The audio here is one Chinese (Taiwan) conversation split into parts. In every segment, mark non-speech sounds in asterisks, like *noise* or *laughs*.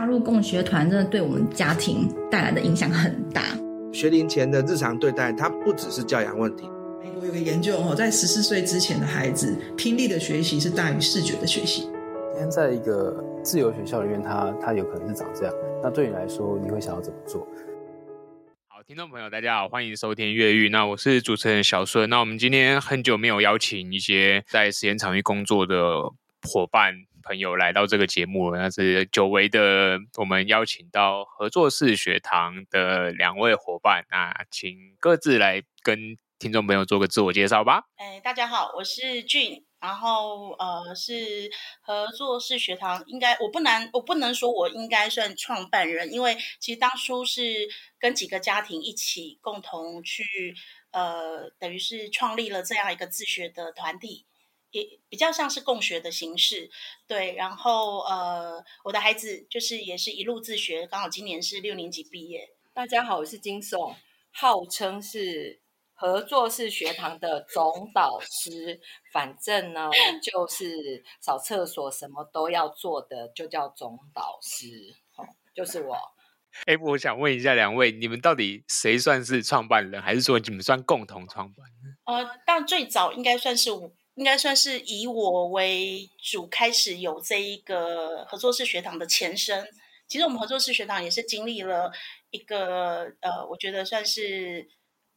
加入共學團真的對我們家庭帶來的影響很大。學齡前的日常對待，它不只是教養問題。美國有個研究哦，在十四歲之前的孩子，聽力的學習是大於視覺的學習。今天在一個自由學校裡面，他他有可能是長這樣。那對你來說，你會想要怎麼做？好，聽眾朋友，大家好，歡迎收聽《越育》。那我是主持人小順。那我們今天很久沒有邀請一些在實驗場域工作的夥伴。朋友來到這個節目，那是久違的。我們邀請到禾作式學堂的兩位伙伴，那請各自來跟聽眾朋友做個自我介紹吧。哎、欸，大家好，我是 Jean，然後呃是禾作式學堂，應該我不能我不能說我應該算創辦人，因為其實當初是跟幾個家庭一起共同去呃等於是創立了這樣一個自學的團體。比較像是共學的形式，對，然後呃，我的孩子就是也是一路自學，剛好今年是六年級畢業。大家好，我是菁頌，號稱是禾作式學堂的總導師， *laughs* 反正呢就是掃廁所什麼都要做的，就叫總導師，哦、就是我。哎、欸，我想問一下兩位，你們到底誰算是創辦人，還是說你們算共同創辦人？呃，但最早應該算是我應該算是以我為主開始有這一個禾作式學堂的前身。其實我們禾作式學堂也是經歷了一個呃，我覺得算是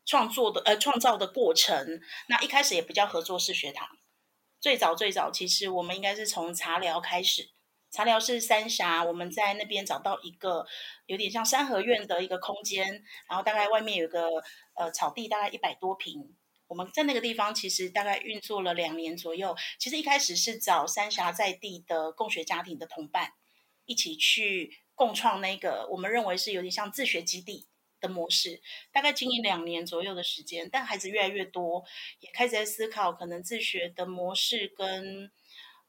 創作的呃創造的過程。那一開始也不叫禾作式學堂，最早最早其實我們應該是從茶寮開始。茶寮是三峽，我們在那邊找到一個有點像三合院的一個空間，然後大概外面有個呃草地，大概一百多坪。我們在那個地方其實大概運作了兩年左右。其實一開始是找三峽在地的共學家庭的同伴，一起去共創那個我們認為是有點像自學基地的模式。大概經營兩年左右的時間，但孩子越來越多，也開始在思考可能自學的模式跟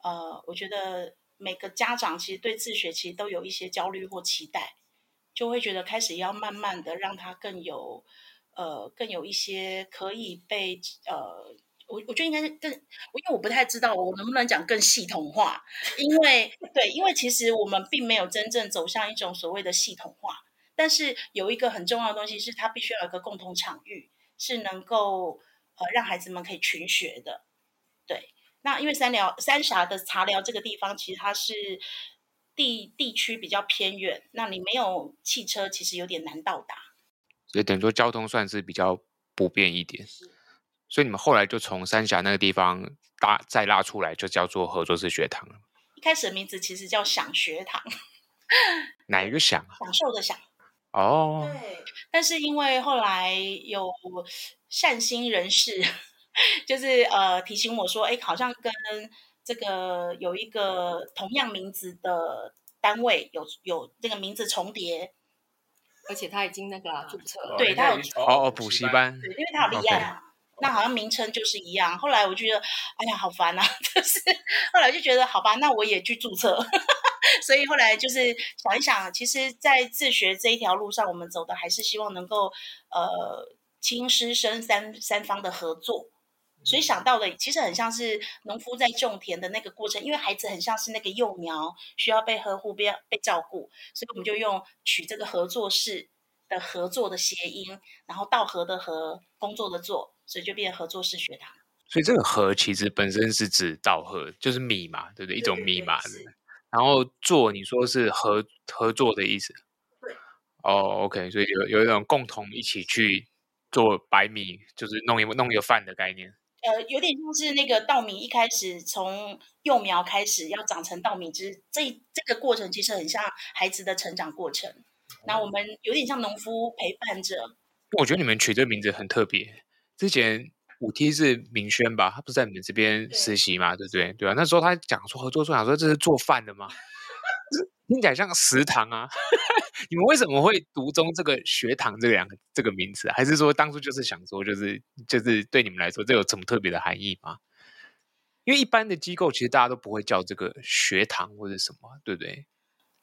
呃，我覺得每個家長其實對自學其實都有一些焦慮或期待，就會覺得開始要慢慢的讓他更有。呃，更有一些可以被呃，我我覺得應該是更，因為我不太知道我能不能講更系統化，因為 *laughs* 對，因為其實我們並沒有真正走向一種所謂的系統化，但是有一個很重要的東西是它必須要有一個共同場域，是能夠呃讓孩子們可以群學的，對。那因為三寮三峽的茶寮這個地方，其實它是地地區比較偏遠，那你沒有汽車，其實有點難到達。所以等於說交通算是比較不便一點，所以你們後來就從三峽那個地方搭再拉出來，就叫做禾作式學堂。一開始的名字其實叫“享學堂 *laughs* ”，哪一個“享”享受的想“享”？哦，對。但是因為後來有善心人士，就是呃提醒我說，哎、欸，好像跟這個有一個同樣名字的單位，有有這個名字重疊。而且他已經那個註冊了對，對、哦、他有哦哦補習班，對，因為他有立案，那好像名稱就是一樣。後來我就覺得，哎呀，好煩啊，就是後來就覺得好吧，那我也去註冊。 *laughs* 所以後來就是想一想，其實，在自學這一條路上，我們走的還是希望能夠呃，親師生三三方的合作。所以想到的其實很像是農夫在種田的那個過程，因為孩子很像是那個幼苗，需要被呵護、被被照顧，所以我們就用取這個合作式的合作的諧音，然後稻禾的禾，工作的作，所以就變禾作式學堂。所以這個“禾”其實本身是指稻禾，就是米嘛，對不對？對，一種米嘛，對對，然後“做”你說是合合作的意思，對。哦、oh，OK，所以有有一種共同一起去做白米，就是弄一弄一個飯的概念。呃，有點像是那個稻米一開始從幼苗開始要長成稻米之，這這個過程其實很像孩子的成長過程。嗯。那我們有點像農夫陪伴着。我覺得你們取這名字很特別。之前五 T 是明軒吧，他不是在你們這邊實習嘛，對不對？對啊，那時候他講說禾作式，說，想說這是做飯的嗎？聽起來像食堂啊！ *laughs* 你們為什麼會讀中這個“學堂”這兩個這個名字？還是說當初就是想說，就是就是對你們來說，這有什麼特別的含義嗎？因為一般的機構其實大家都不會叫這個“學堂”或者什麼，對不對？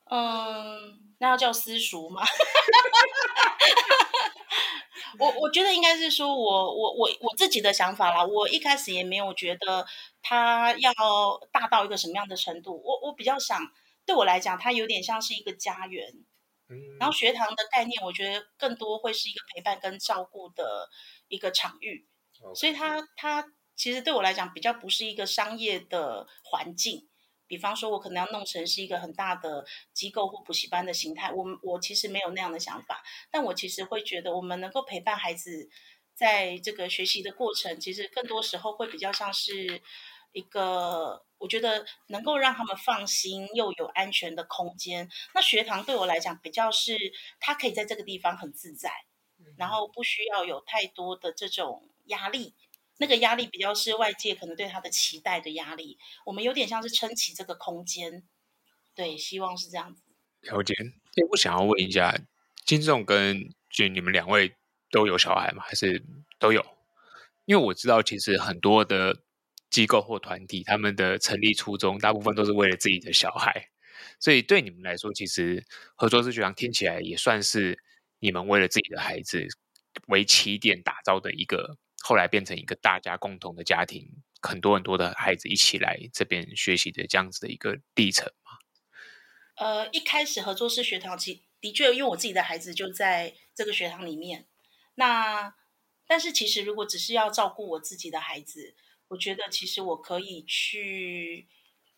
嗯，那要叫私塾嘛。 *laughs* *laughs* *laughs* 我我覺得應該是說我，我我我我自己的想法啦。我一開始也沒有覺得它要大到一個什麼樣的程度。我我比較想。對我來講，它有點像是一個家園。嗯，然後學堂的概念，我覺得更多會是一個陪伴跟照顧的一個場域。Okay. 所以它它其實對我來講，比較不是一個商業的環境。比方說，我可能要弄成是一個很大的機構或補習班的形態，我我其實沒有那樣的想法。但我其實會覺得，我們能夠陪伴孩子在這個學習的過程，其實更多時候會比較像是一個。我覺得能夠讓他們放心，又有安全的空間。那學堂對我來講，比較是他可以在這個地方很自在，然後不需要有太多的這種壓力。那個壓力比較是外界可能對他的期待的壓力。我們有點像是撐起這個空間，對，希望是這樣子。了解。我想要問一下，金總跟就你們兩位都有小孩嗎？還是都有？因為我知道，其實很多的。機構或團體，他們的成立初衷大部分都是為了自己的小孩，所以對你們來說，其實禾作式學堂聽起來也算是你們為了自己的孩子為起點打造的一個，後來變成一個大家共同的家庭，很多很多的孩子一起來這邊學習的這樣子的一個歷程。呃，一開始禾作式學堂，其實的確，因為我自己的孩子就在這個學堂裡面，那但是其實如果只是要照顧我自己的孩子。我覺得其實我可以去，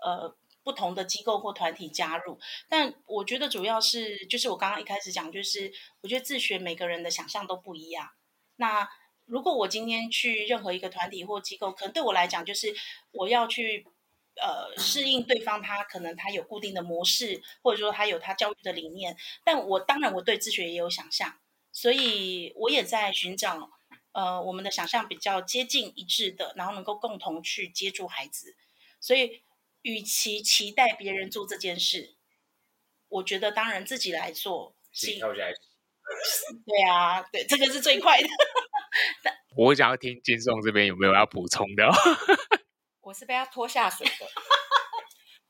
呃，不同的機構或團體加入。但我覺得主要是，就是我剛剛一開始講，就是我覺得自學每個人的想象都不一樣。那如果我今天去任何一個團體或機構，可能對我來講，就是我要去，呃，適應對方他，他可能他有固定的模式，或者說他有他教育的理念。但我當然我對自學也有想象，所以我也在尋找。呃，我們的想象比較接近一致的，然後能夠共同去接住孩子，所以與其期待別人做這件事，我覺得當然自己來做，來對啊，對，這個是最快的。 *laughs* 我想要聽菁頌這邊有沒有要補充的、哦？ *laughs* 我是被他拖下水的。 *laughs*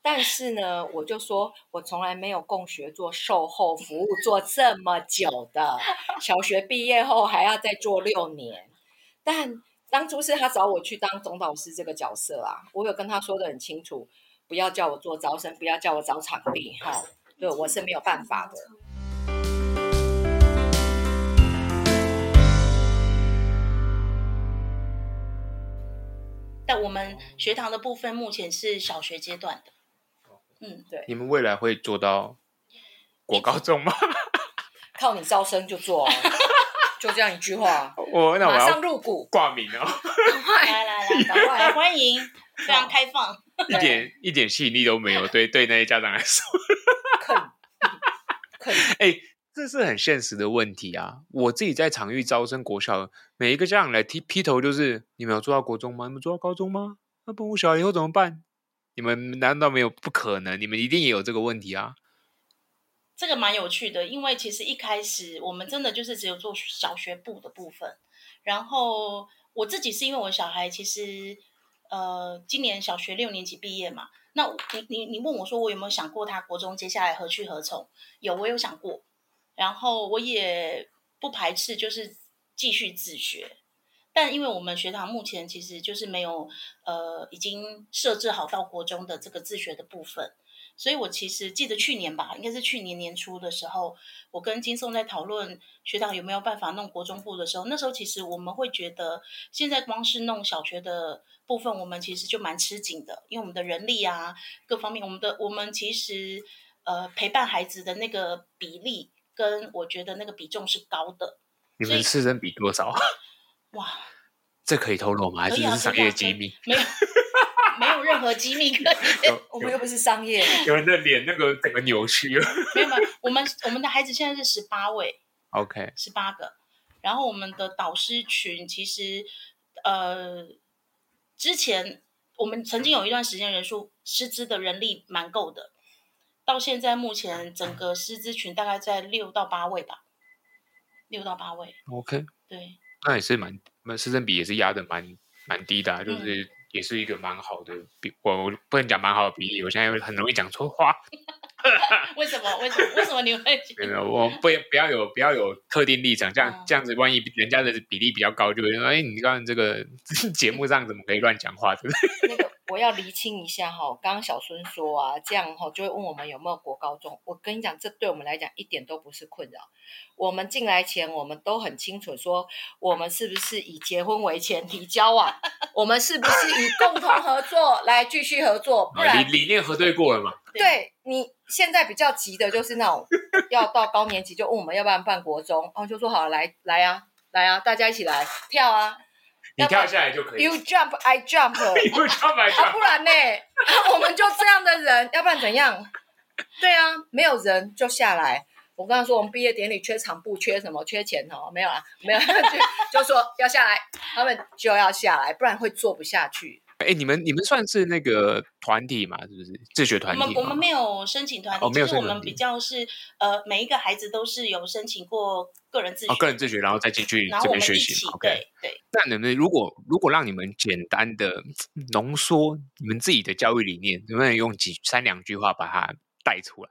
但是呢，我就說，我從來沒有共學做售後服務做這麼久的，小學畢業後還要再做六年。但當初是他找我去當總導師這個角色啊，我有跟他說得很清楚，不要叫我做招生，不要叫我找場地，哈，對，我是沒有辦法的。但我們學堂的部分目前是小學階段的。嗯、對、你們未來會做到國高中嗎？靠你招生就做、哦， *laughs* 就這樣一句話， *laughs* 我那我要入股，掛名哦。 *laughs* 來來來，來 *laughs* *laughs* 歡迎，非常開放，一點一點吸引力都沒有，對 *laughs* 對。對對，那些家長來說，肯 *laughs* 肯，哎、欸，這是很現實的問題啊！我自己在場域招生國小，每一個家長來劈劈頭就是：你們有做到國中嗎？你們做到高中嗎？那不國小以後怎麼辦？你們難道沒有不可能？你們一定也有這個問題啊！這個蠻有趣的，因為其實一開始我們真的就是只有做小學部的部分。然後我自己是因為我小孩其實呃今年小學六年級畢業嘛，那你你你問我說我有沒有想過他國中接下來何去何從？有，我有想過，然後我也不排斥就是繼續自學。但因為我們學堂目前其實就是沒有，呃，已經設置好到國中的這個自學的部分，所以我其實記得去年吧，應該是去年年初的時候，我跟菁頌在討論學堂有沒有辦法弄國中部的時候，那時候其實我們會覺得，現在光是弄小學的部分，我們其實就蠻吃緊的，因為我們的人力啊，各方面，我們的我們其實呃陪伴孩子的那個比例跟我覺得那個比重是高的，你們師生比多少？ *laughs* 哇，這可以透露嗎？還是就是商業機密、啊啊？沒有， *laughs* 沒有任何機密可以。我們又不是商業有。有人的臉那個整個扭曲了？沒 *laughs* 有沒有，我們我們的孩子現在是十八位，OK，十八個。然後我們的導師群其實，呃，之前我們曾經有一段時間人數師資的人力蠻夠的，到現在目前整個師資群大概在六到八位吧，六到八位，OK，對。那、啊、也是蠻，那師生比也是壓的蠻蠻低的，就是也是一個蠻好的比，嗯、我，我不能講蠻好的比例，我現在很容易講錯話。為什麼？為什麼？為什麼你會覺得 *laughs* 我不不要有不要有特定立場，這樣、啊、這樣子，萬一人家的比例比較高，就會說哎、 *laughs* 欸，你剛才這個節、這個、目上怎麼可以亂講話？對不對？我要釐清一下哈，剛剛小孫說啊，這樣哈就會問我們有沒有國高中。我跟你講，這對我們來講一點都不是困擾。我們進來前，我們都很清楚說，我們是不是以結婚為前提交往、啊？ *laughs* 我們是不是以共同合作 *laughs* 來繼續合作？ *laughs* 不然理理念核對過了嘛？對，對你現在比較急的就是那種 *laughs* 要到高年級就問我們要不要辦國中，然後就說好了，來來呀、啊，來啊，大家一起來跳啊。要不然你跳下來就可以。You jump, I jump。 *laughs* You jump, I jump. 啊，不然呢、欸啊？我們就這樣的人，要不然怎樣？對啊，沒有人就下來。我剛剛說我們畢業典禮缺場部缺什麼，缺錢哦，沒有啊，沒有 *laughs* 就，就說要下來，他們就要下來，不然會坐不下去。哎、欸，你們你們算是那個團體嘛？是不是自學團體？我們我們沒有申請團體，就、哦、是我們比較是呃，每一個孩子都是有申請過個人自學，哦、個人自學然後再繼續這邊學習。OK，對，對。那你們如果如果讓你們簡單的濃縮你們自己的教育理念，能不能用幾三兩句話把它帶出來？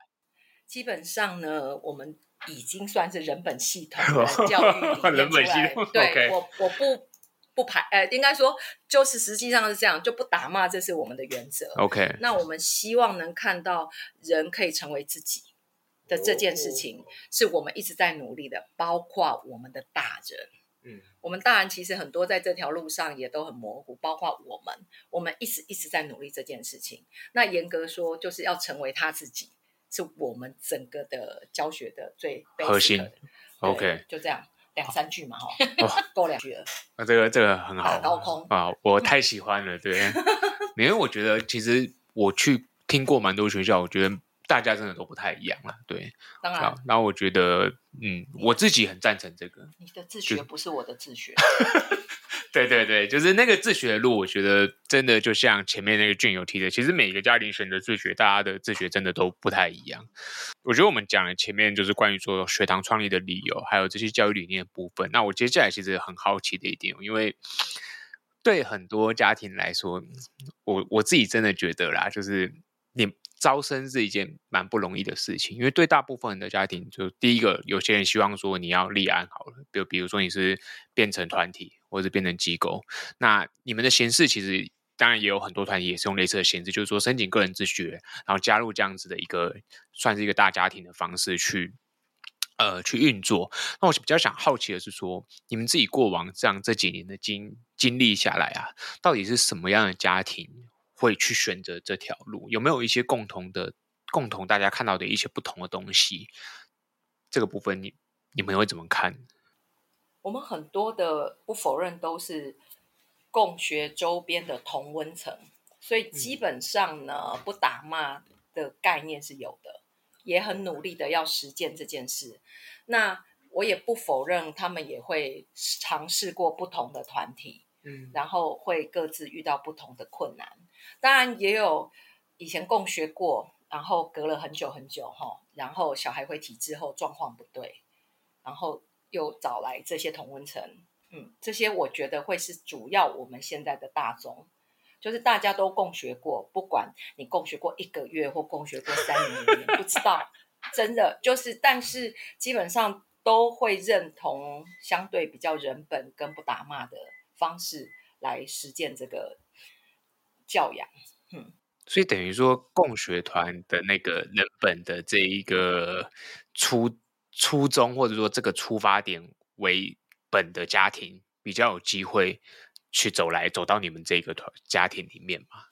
基本上呢，我們已經算是人本系統 *laughs* 人本系統。對，我我不。 *laughs* 不排，呃，應該說就是實際上是這樣，就不打罵，這是我們的原則。OK，那我們希望能看到人可以成為自己的這件事情，oh. 是我們一直在努力的，包括我們的大人。嗯，我們大人其實很多在這條路上也都很模糊，包括我們，我們一直一直在努力這件事情。那嚴格說，就是要成為他自己，是我們整個的教學的最核心。OK，就這樣。兩三句嘛，哈，夠、哦、兩句了。那、啊、這個這個很好，高空啊，我太喜歡了，對。 *laughs* 因為我覺得其實我去聽過蠻多學校，我覺得大家真的都不太一樣了，對。當然，那我覺得，嗯，我自己很贊成這個。你的自學不是我的自學。 *laughs* 對對對，就是那個自學的路，我覺得真的就像前面那個俊友提的，其實每一個家庭選擇自學，大家的自學真的都不太一樣。我覺得我們講了前面就是關於說學堂創立的理由，還有這些教育理念的部分。那我接下來其實很好奇的一點，因為對很多家庭來說，我我自己真的覺得啦，就是你。招生是一件蠻不容易的事情，因為對大部分人的家庭，就第一個，有些人希望說你要立案好了，比如比如說你是變成團體或者是變成機構，那你們的形式其實當然也有很多團體也是用類似的形式，就是說申請個人自學，然後加入這樣子的一個算是一個大家庭的方式去，呃，去運作。那我比較想好奇的是說，你們自己過往這樣這幾年的經經歷下來啊，到底是什麼樣的家庭，會去選擇這條路，有沒有一些共同的、共同大家看到的一些不同的東西？這個部分你，你你們會怎麼看？我們很多的不否認都是共學周邊的同溫層，所以基本上呢，嗯、不打罵的概念是有的，也很努力的要實踐這件事。那我也不否認，他們也會嘗試過不同的團體，嗯，然後會各自遇到不同的困難。當然也有以前共學過，然後隔了很久很久哈、哦，然後小孩回體制後狀況不對，然後又找來這些同溫層，嗯，這些我覺得會是主要我們現在的大宗，就是大家都共學過，不管你共學過一個月或共學過三年，你不知道， *laughs* 真的就是，但是基本上都會認同相對比較人本跟不打罵的方式來實踐這個。教養、嗯，所以等於說，共學團的那個人本的這一個初初衷，或者說這個出發點為本的家庭，比較有機會去走來走到你們這個團家庭裡面嘛？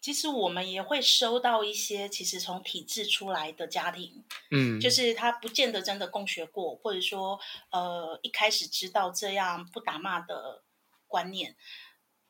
其實我們也會收到一些，其實從體制出來的家庭，嗯，就是他不見得真的共學過，或者說，呃，一開始知道這樣不打罵的觀念，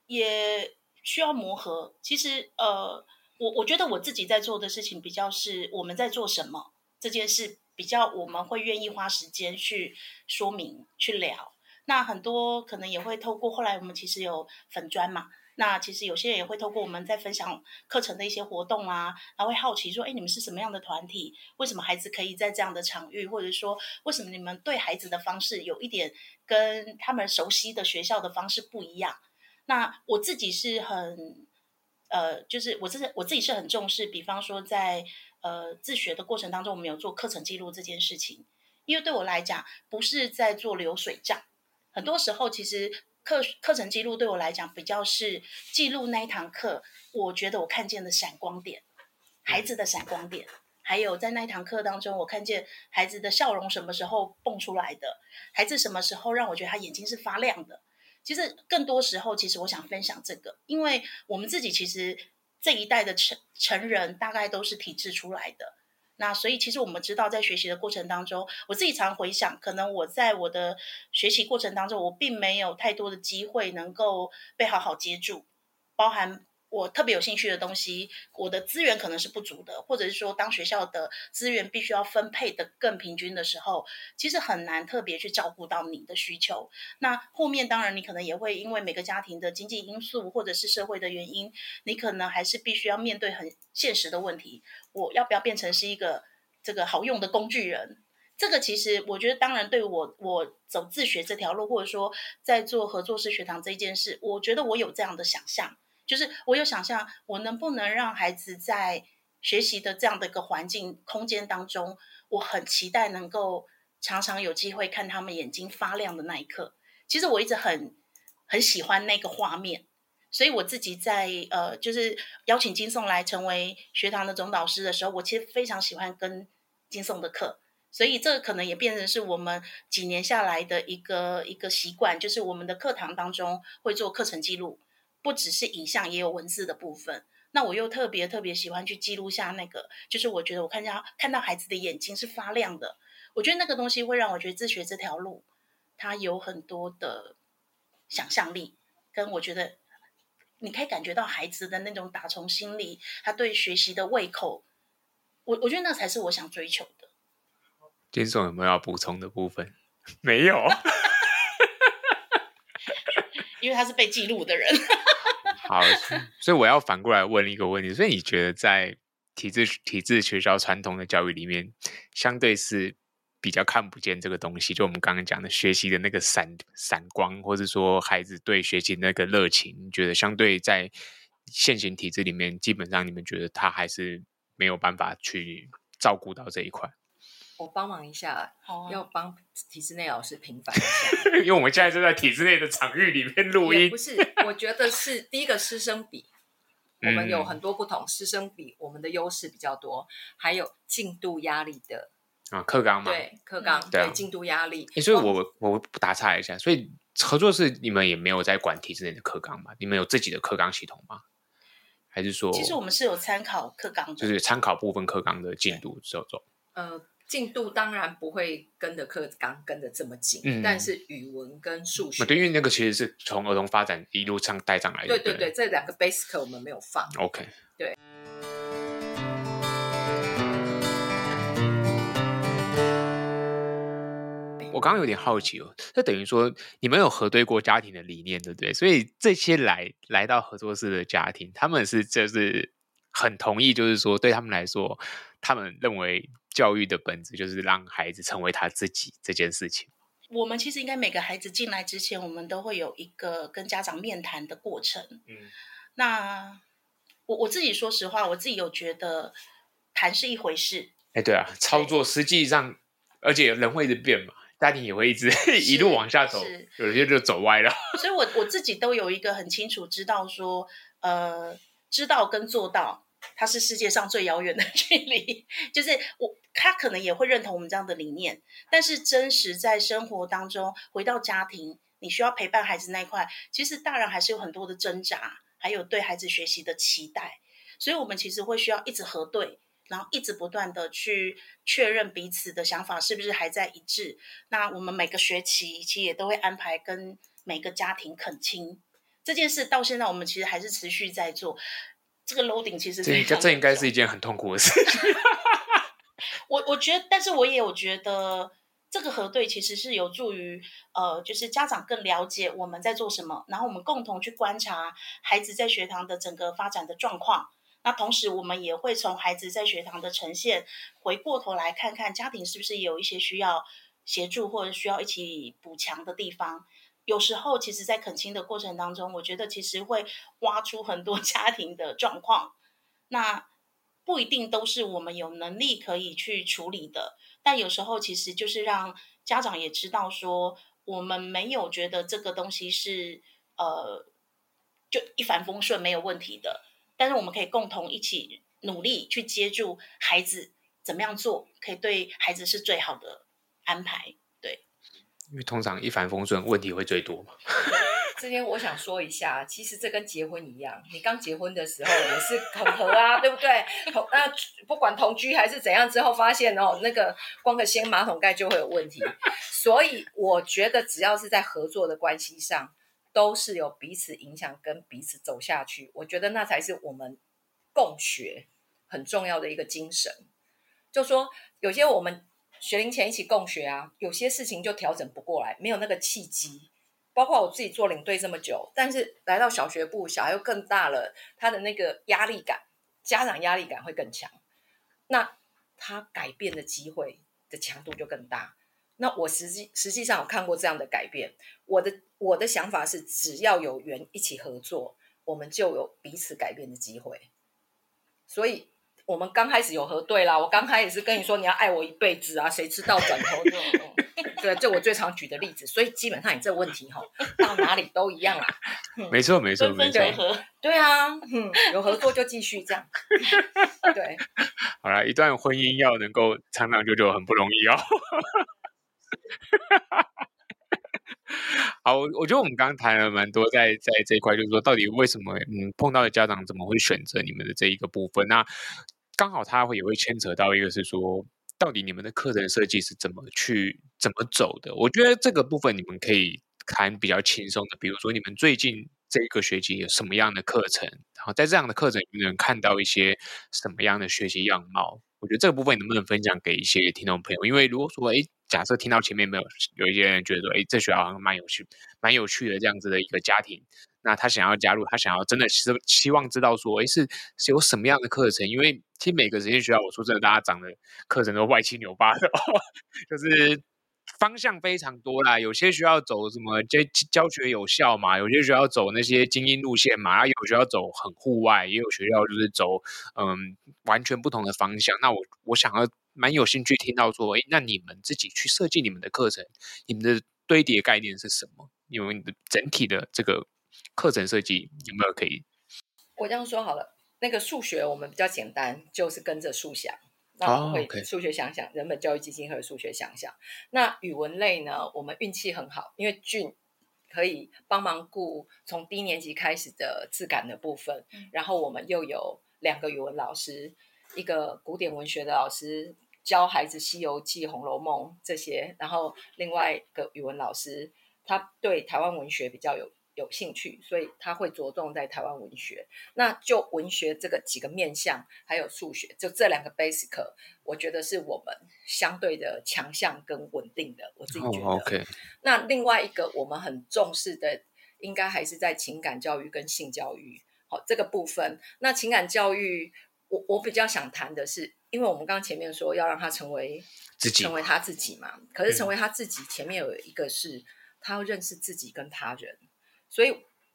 也。需要磨合。其實呃，我我覺得我自己在做的事情比較是我們在做什麼，這件事比較我們會願意花時間去說明去聊，那很多可能也會透過後來我們其實有粉專嘛，那其實有些人也會透過我們在分享課程的一些活動啊，然後會好奇說，哎，你們是什麼樣的團體？為什麼孩子可以在這樣的場域，或者說為什麼你們對孩子的方式有一點跟他們熟悉的學校的方式不一樣？那我自己是很，呃，就是我真是我自己是很重視。比方說在，在呃自學的過程當中，我們有做課程記錄這件事情，因為對我來講，不是在做流水賬很多時候，其實課課程記錄對我來講，比較是記錄那一堂課，我覺得我看見的閃光點，孩子的閃光點，還有在那一堂課當中，我看見孩子的笑容什麼時候蹦出來的，孩子什麼時候讓我覺得他眼睛是發亮的。其實更多時候，其實我想分享這個，因為我們自己其實這一代的成成人大概都是體制出來的。那所以其實我們知道，在學習的過程當中，我自己常回想，可能我在我的學習過程當中，我並沒有太多的機會能夠被好好接住，包含。我特別有興趣的東西，我的資源可能是不足的，或者是說，當學校的資源必須要分配得更平均的時候，其實很難特別去照顧到你的需求。那後面當然你可能也會因為每個家庭的經濟因素，或者是社會的原因，你可能還是必須要面對很現實的問題。我要不要變成是一個這個好用的工具人？這個其實我覺得，當然對我我走自學這條路，或者說在做禾作式學堂這一件事，我覺得我有這樣的想象。就是我有想象，我能不能讓孩子在學習的這樣的一個環境空間當中，我很期待能夠常常有機會看他們眼睛發亮的那一刻。其實我一直很很喜歡那個畫面，所以我自己在呃，就是邀請菁頌來成為學堂的總導師的時候，我其實非常喜歡跟菁頌的課，所以這個可能也變成是我們幾年下來的一個一個習慣，就是我們的課堂當中會做課程記錄。不只是影像，也有文字的部分。那我又特別特別喜歡去記錄下那個，就是我覺得我看見看到孩子的眼睛是發亮的，我覺得那個東西會讓我覺得自學這條路，它有很多的想象力，跟我覺得你可以感覺到孩子的那種打從心裡，他對學習的胃口，我我覺得那才是我想追求的。菁頌有沒有要補充的部分？ *laughs* 沒有， *laughs* 因為他是被記錄的人。 *laughs* 好，所以我要反過來問一個問題。所以你覺得在體制、體制學校、傳統的教育裡面，相對是比較看不見這個東西，就我們剛剛講的學習的那個閃閃光，或者說孩子對學習那個熱情，你覺得相對在現行體制裡面，基本上你們覺得他還是沒有辦法去照顧到這一塊？我幫忙一下，oh. 要幫體制內老師平反一下， *laughs* 因為我們現在正在體制內的場域裡面錄音。Yeah, 不是， *laughs* 我覺得是第一個師生比，嗯、我們有很多不同，師生比我們的優勢比較多，還有進度壓力的啊，課綱嘛，對課綱、嗯、對進度壓力、嗯啊欸。所以我、oh, 我打岔一下，所以禾作式你們也沒有在管體制內的課綱嗎？你們有自己的課綱系統嗎？還是說，其實我們是有參考課綱，就是參考部分課綱的進度節奏、嗯。呃。進度當然不會跟的課綱跟的這麼緊、嗯，但是語文跟數學、嗯，對，因為那個其實是從兒童發展一路上帶上來的。對對對，對這兩個 base 課我們沒有放。OK，對。我剛剛有點好奇哦、喔，這等於說你們有核對過家庭的理念，對不對？所以這些來來到禾作式的家庭，他們是就是很同意，就是說對他們來說，他們認為。教育的本質就是讓孩子成為他自己這件事情。我們其實應該每個孩子進來之前，我們都會有一個跟家長面談的過程。嗯，那我我自己說實話，我自己有覺得談是一回事。哎、欸，對啊，對操作實際上，而且人會一直變嘛，家庭也會一直 *laughs* 一路往下走，有些就走歪了。所以我我自己都有一個很清楚知道說，呃，知道跟做到。它是世界上最遙遠的距離，就是我他可能也會認同我們這樣的理念，但是真實在生活當中回到家庭，你需要陪伴孩子那一塊，其實大人還是有很多的掙扎，還有對孩子學習的期待，所以我們其實會需要一直核對，然後一直不斷地去確認彼此的想法是不是還在一致。那我們每個學期其實也都會安排跟每個家庭懇親這件事，到現在我們其實還是持續在做。這個樓頂其實這應這應該是一件很痛苦的事情。 *laughs* 我我覺得，但是我也有覺得，這個核對其實是有助於呃，就是家長更了解我們在做什麼，然後我們共同去觀察孩子在學堂的整個發展的狀況。那同時，我們也會從孩子在學堂的呈現，回過頭來看看家庭是不是有一些需要協助或者需要一起補強的地方。有時候，其實，在懇親的過程當中，我覺得其實會挖出很多家庭的狀況，那不一定都是我們有能力可以去處理的。但有時候，其實就是讓家長也知道說，我們沒有覺得這個東西是呃，就一帆風順沒有問題的。但是，我們可以共同一起努力去接住孩子，怎麼樣做可以對孩子是最好的安排。因為通常一帆風順，問題會最多嘛。今天我想說一下，其實這跟結婚一樣，你剛結婚的時候也是恐合啊， *laughs* 對不對？同那不管同居還是怎樣，之後發現哦，那個光個掀馬桶蓋就會有問題。所以我覺得，只要是在合作的關係上，都是有彼此影響跟彼此走下去，我覺得那才是我們共學很重要的一個精神。就說有些我們。學齡前一起共學啊，有些事情就調整不過來，沒有那個契機。包括我自己做領隊這麼久，但是來到小學部，小孩又更大了，他的那個壓力感，家長壓力感會更強。那他改變的機會的強度就更大。那我實際實際上有看過這樣的改變。我的我的想法是，只要有緣一起合作，我們就有彼此改變的機會。所以。我們剛開始有核對啦，我剛開始是跟你說，你要愛我一輩子啊，誰知道轉頭就、 *laughs* 嗯，對，這我最常舉的例子，所以基本上你這個問題哈、哦，到哪裡都一樣啦、啊嗯。沒錯，沒錯，分分沒錯，對啊、嗯，有合作就繼續這樣。 *laughs* 對，好啦，一段婚姻要能夠長長久久很不容易哦。 *laughs* 好，我我覺得我們剛談了蠻多，在在這一塊，就是說到底為什麼嗯碰到的家長怎麼會選擇你們的這一個部分那？剛好他會也會牽扯到一個是說，到底你們的課程設計是怎麼去，怎麼走的？我覺得這個部分你們可以談比較輕鬆的，比如說你們最近這個學期有什麼樣的課程，然後在這樣的課程能能看到一些什麼樣的學習樣貌？我覺得這個部分能不能分享給一些聽眾朋友？因為如果說哎，假設聽到前面沒有，有一些人覺得說，誒，這學校好像蠻有趣，蠻有趣的這樣子的一個家庭。那他想要加入，他想要真的希希望知道說，誒、欸，是是有什麼樣的課程？因為聽每個實驗學校，我說真的，大家講的課程都歪七扭八的，就是方向非常多啦。有些學校走什麼教教學有效嘛，有些學校走那些精英路線嘛，然後有學校走很戶外，也有學校就是走嗯完全不同的方向。那我我想要蠻有興趣聽到說，誒、欸，那你們自己去設計你們的課程，你們的堆疊概念是什麼？因為你的整體的這個。課程設計有沒有可以？我這樣說好了，那個數學我們比較簡單，就是跟着數想。那可以數學想想，oh, okay. 人本教育基金和數學想想。那語文類呢？我們運氣很好，因為 Jean 可以幫忙顧從低年級開始的質感的部分。然後我們又有兩個語文老師，一個古典文學的老師教孩子《西遊記》、《紅樓夢》這些，然後另外一個語文老師他對台灣文學比較有。有興趣，所以他會着重在台灣文學。那就文學這個幾個面向，還有數學，就這兩個 basic，我覺得是我們相對的強項跟穩定的。我自己覺得。Oh, okay. 那另外一個我們很重視的，應該還是在情感教育跟性教育。好，這個部分。那情感教育，我我比較想談的是，因為我們剛剛前面說要讓他成為自己，成為他自己嘛。可是成為他自己，嗯，前面有一個是他要認識自己跟他人。所以，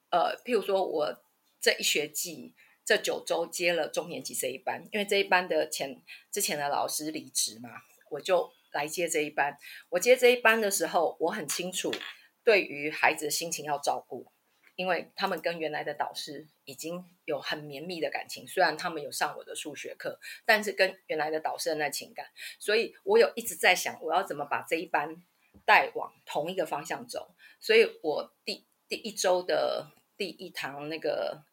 呃，譬如說我這一學季這九周接了中年級這一班，因為這一班的前之前的老師離職嘛，我就來接這一班。我接這一班的時候，我很清楚對於孩子的心情要照顧，因為他們跟原來的導師已經有很綿密的感情，雖然他們有上我的數學課，但是跟原來的導師的那情感，所以我有一直在想，我要怎麼把這一班帶往同一個方向走。所以我第第一周的第一堂那個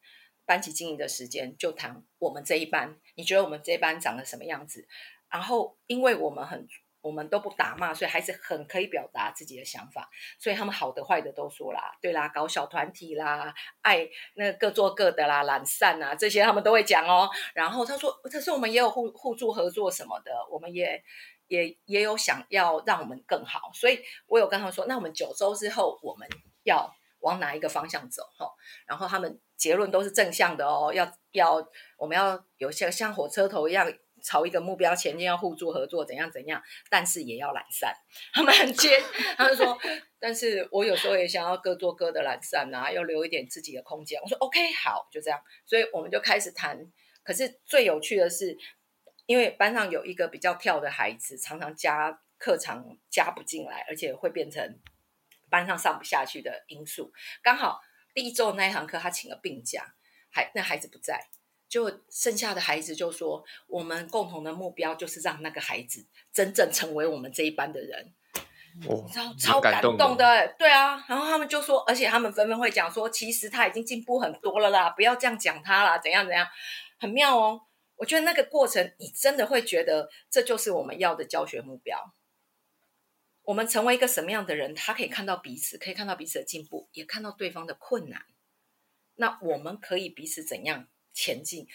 班級經營的時間，就談我們這一班，你覺得我們這一班長得什麼樣子？然後，因為我們很我們都不打罵，所以還是很可以表達自己的想法，所以他們好的壞的都說啦，對啦，搞小團體啦，愛那個各做各的啦，懶散啊，這些他們都會講哦。然後他說，可是我們也有互互助合作什麼的，我們也也也有想要讓我們更好，所以我有跟他說，那我們九周之後我們要。往哪一個方向走，然後他們結論都是正向的哦。要要，我們要有像,像火車頭一樣朝一個目標前進，要互助合作，怎樣怎樣。但是也要懶散。他們很接，他就說：“ *laughs* 但是我有時候也想要各做各的懶散啊，要留一點自己的空間。”我說：“OK，好，就這樣。”所以我們就開始談。可是最有趣的是，因為班上有一個比較跳的孩子，常常加課程加不進來，而且會變成。班上上不下去的因素，剛好第一周那一堂課他請了病假，孩，那孩子不在，就剩下的孩子就說，我們共同的目標就是讓那個孩子真正成為我們這一班的人，哦、超，你感動的，超感動的，對啊，然後他們就說，而且他們紛紛會講說，其實他已經進步很多了啦，不要這樣講他啦，怎樣怎樣，很妙哦，我覺得那個過程你真的會覺得這就是我們要的教學目標。我們成為一個什麼樣的人？他可以看到彼此，可以看到彼此的進步，也看到對方的困難。那我們可以彼此怎樣前進？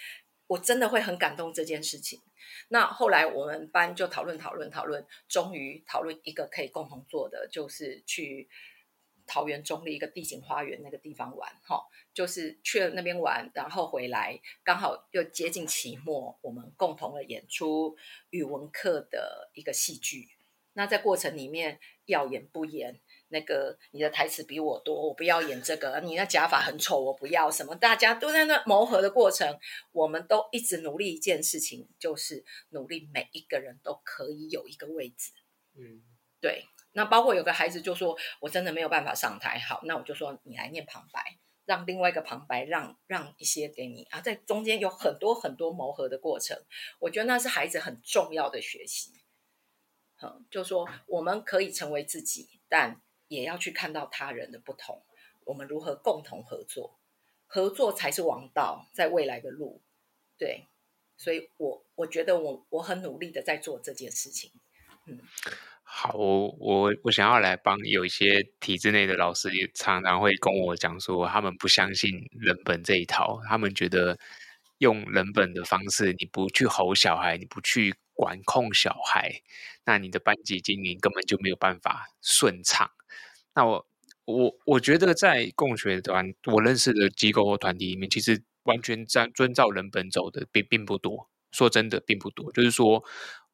我真的會很感動這件事情。那後來我們班就討論討論討論，終於討論一個可以共同做的，就是去桃園中的一個地景花園那個地方玩，哈、哦，就是去了那邊玩，然後回來剛好又接近期末，我們共同的演出語文課的一個戲劇。那在過程裡面要演不演，那個你的台詞比我多，我不要演這個；你那假髮很醜，我不要什麼。大家都在那磨合的過程，我們都一直努力一件事情，就是努力每一個人都可以有一個位置。嗯，對。那包括有個孩子就說，我真的沒有辦法上台，好，那我就說你來念旁白，讓另外一個旁白讓，讓讓一些給你啊，在中間有很多很多磨合的過程，我覺得那是孩子很重要的學習。嗯，就說我們可以成為自己，但也要去看到他人的不同。我們如何共同合作？合作才是王道，在未來的路。對，所以我，我我覺得我我很努力的在做這件事情。嗯，好，我我我想要來幫有一些體制內的老師，也常常會跟我講說，他們不相信人本這一套，他們覺得用人本的方式，你不去吼小孩，你不去。管控小孩，那你的班級經營根本就沒有辦法順暢。那我我我覺得在共學團我認識的機構或團體裡面，其實完全在遵，遵照人本走的並並不多。說真的並不多。就是說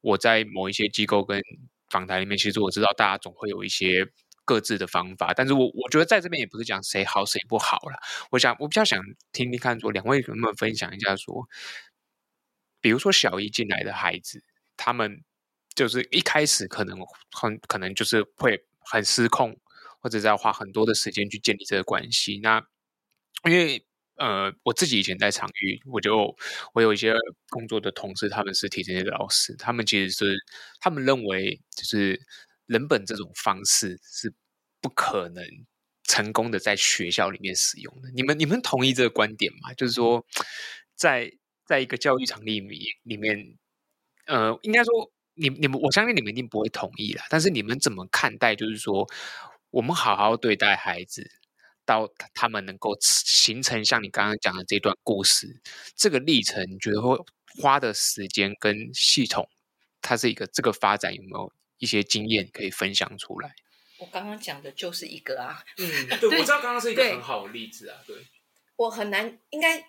我在某一些機構跟訪談裡面，其實我知道大家總會有一些各自的方法。但是我我覺得在這邊也不是講誰好誰不好了。我想我比較想聽聽看說兩位能不能分享一下說，比如說小一進來的孩子。他們就是一開始可能很可能就是會很失控，或者在花很多的時間去建立這個關係。那因為呃，我自己以前在場域，我就我有一些工作的同事，他們是體制內的老師，他們其實是他們認為就是人本這種方式是不可能成功的在學校裡面使用的。你們你們同意這個觀點嗎？就是說，在在一個教育場裡面裡面。呃，應該說你你們，我相信你們一定不會同意啦。但是你們怎麼看待，就是說我們好好對待孩子，到他們能夠形成像你剛剛講的這段故事，這個歷程，你覺得會花的時間跟系統，它是一個這個發展有沒有一些經驗可以分享出來？我剛剛講的就是一個啊，嗯，對，對，我知道剛剛是一個很好的例子啊，對。對，我很難，應該。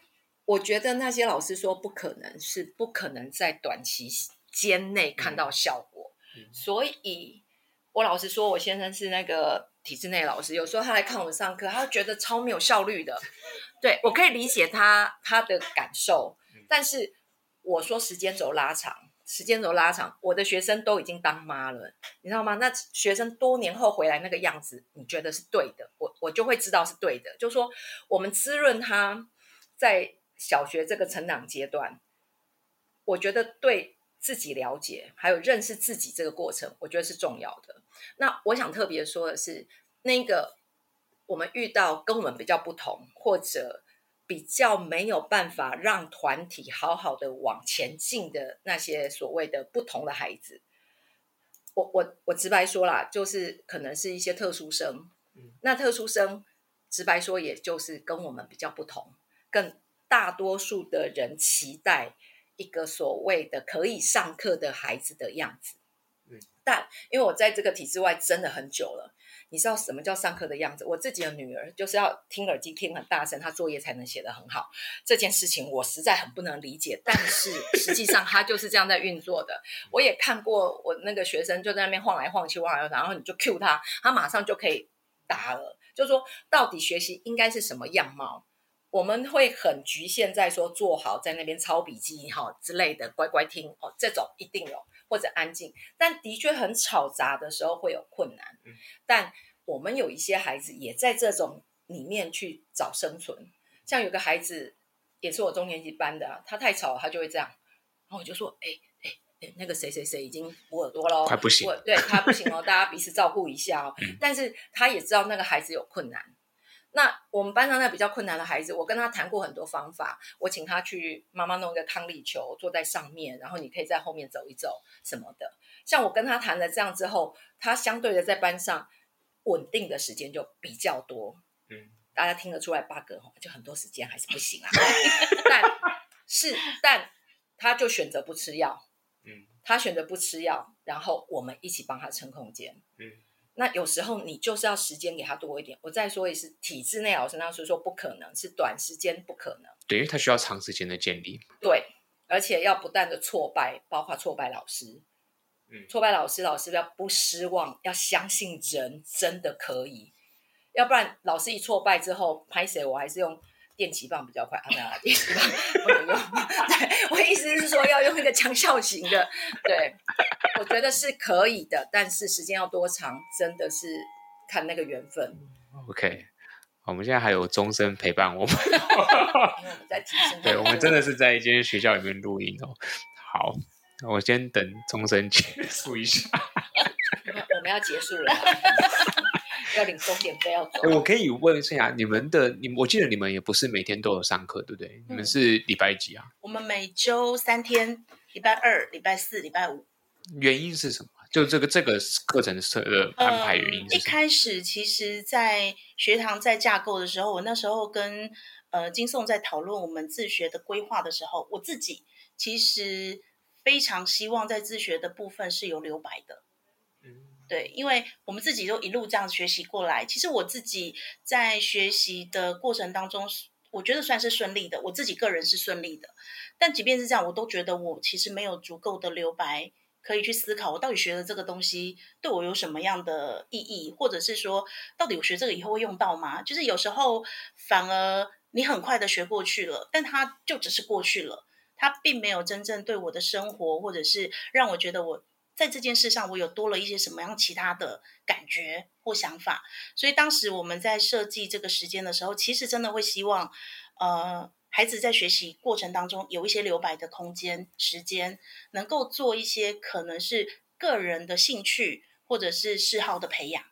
我覺得那些老師說不可能，是不可能在短期間內看到效果。嗯、所以，我老實說，我先生是那個體制內老師，有時候他來看我上課，他覺得超沒有效率的。對，我可以理解他他的感受，但是我說時間軸拉長，時間軸拉長，我的學生都已經當媽了，你知道嗎？那學生多年後回來那個樣子，你覺得是對的？我我就會知道是對的。就說我們滋潤他，在。小學這個成長階段，我覺得對自己了解還有認識自己這個過程，我覺得是重要的。那我想特別說的是，那個我們遇到跟我們比較不同，或者比較沒有辦法讓團體好好的往前進的那些所謂的不同的孩子，我我我直白說啦，就是可能是一些特殊生。嗯，那特殊生直白說，也就是跟我們比較不同，更。大多數的人期待一個所謂的可以上課的孩子的樣子，但因為我在這個體制外真的很久了，你知道什麼叫上課的樣子？我自己的女兒就是要聽耳機聽很大聲，她作業才能寫得很好。這件事情我實在很不能理解，但是實際上他就是這樣在運作的。我也看過我那個學生就在那邊晃來晃去、晃來晃去，然後你就 Q 他，他馬上就可以答了。就說，到底學習應該是什麼樣貌？我們會很侷限在說坐好在那邊抄筆記好之類的乖乖聽哦，這種一定有，或者安靜，但的確很吵雜的時候會有困難。但我們有一些孩子也在這種裡面去找生存，像有個孩子也是我中年級班的，他太吵了，他就會這樣，然後我就說，哎哎，那個誰誰誰已經捂耳朵咯了，他不行，對，他不行哦， *laughs* 大家彼此照顧一下哦、嗯。但是他也知道那個孩子有困難。那我們班上那比較困難的孩子，我跟他談過很多方法。我請他去媽媽弄一個抗力球，坐在上面，然後你可以在後面走一走什麼的。像我跟他談了這樣之後，他相對的在班上穩定的時間就比較多。嗯，大家聽得出來 bug 就很多時間還是不行啊。 *laughs* *laughs* 但是，但他就選擇不吃藥。嗯，他選擇不吃藥，然後我們一起幫他撐空間。嗯。那有時候你就是要時間給他多一點。我再說一次，體制內老師那時候說不可能，是短時間不可能，對，因為他需要長時間的建立，對，而且要不斷的挫敗，包括挫敗老師，嗯，挫敗老師，老師要不失望，要相信人真的可以，要不然老師一挫敗之後，拍誰？我還是用。電擊棒比較快，啊，沒有、啊、電擊棒不能用。對，我意思是說要用一個強效型的。對，我覺得是可以的，但是時間要多長，真的是看那個緣分。OK，我們現在還有鐘聲陪伴我們。 *laughs* *laughs* 對，我們真的是在一間學校裡面錄音哦。好，我先等鐘聲結束一下 *laughs* 我。我們要結束了。嗯 *laughs* 要領重點不要走，欸。我可以問一下，你們的你們，我記得你們也不是每天都有上課，對不對？嗯、你們是禮拜幾啊？我們每周三天，禮拜二、禮拜四、禮拜五。原因是什麼？就這個這個課程的安排原因是，呃。一開始，其實在學堂在架構的時候，我那時候跟呃菁頌在討論我們自學的規劃的時候，我自己其實非常希望在自學的部分是有留白的。對，因為我們自己都一路這樣學習過來。其實我自己在學習的過程當中，我覺得算是順利的。我自己個人是順利的，但即便是這樣，我都覺得我其實沒有足夠的留白可以去思考，我到底學了這個東西對我有什麼樣的意義，或者是說，到底我學這個以後會用到嗎？就是有時候反而你很快的學過去了，但它就只是過去了，它並沒有真正對我的生活，或者是讓我覺得我。在這件事上，我有多了一些什麼樣其他的感覺或想法？所以當時我們在設計這個時間的時候，其實真的會希望，呃，孩子在學習過程當中有一些留白的空間、時間，能夠做一些可能是個人的興趣或者是嗜好的培養。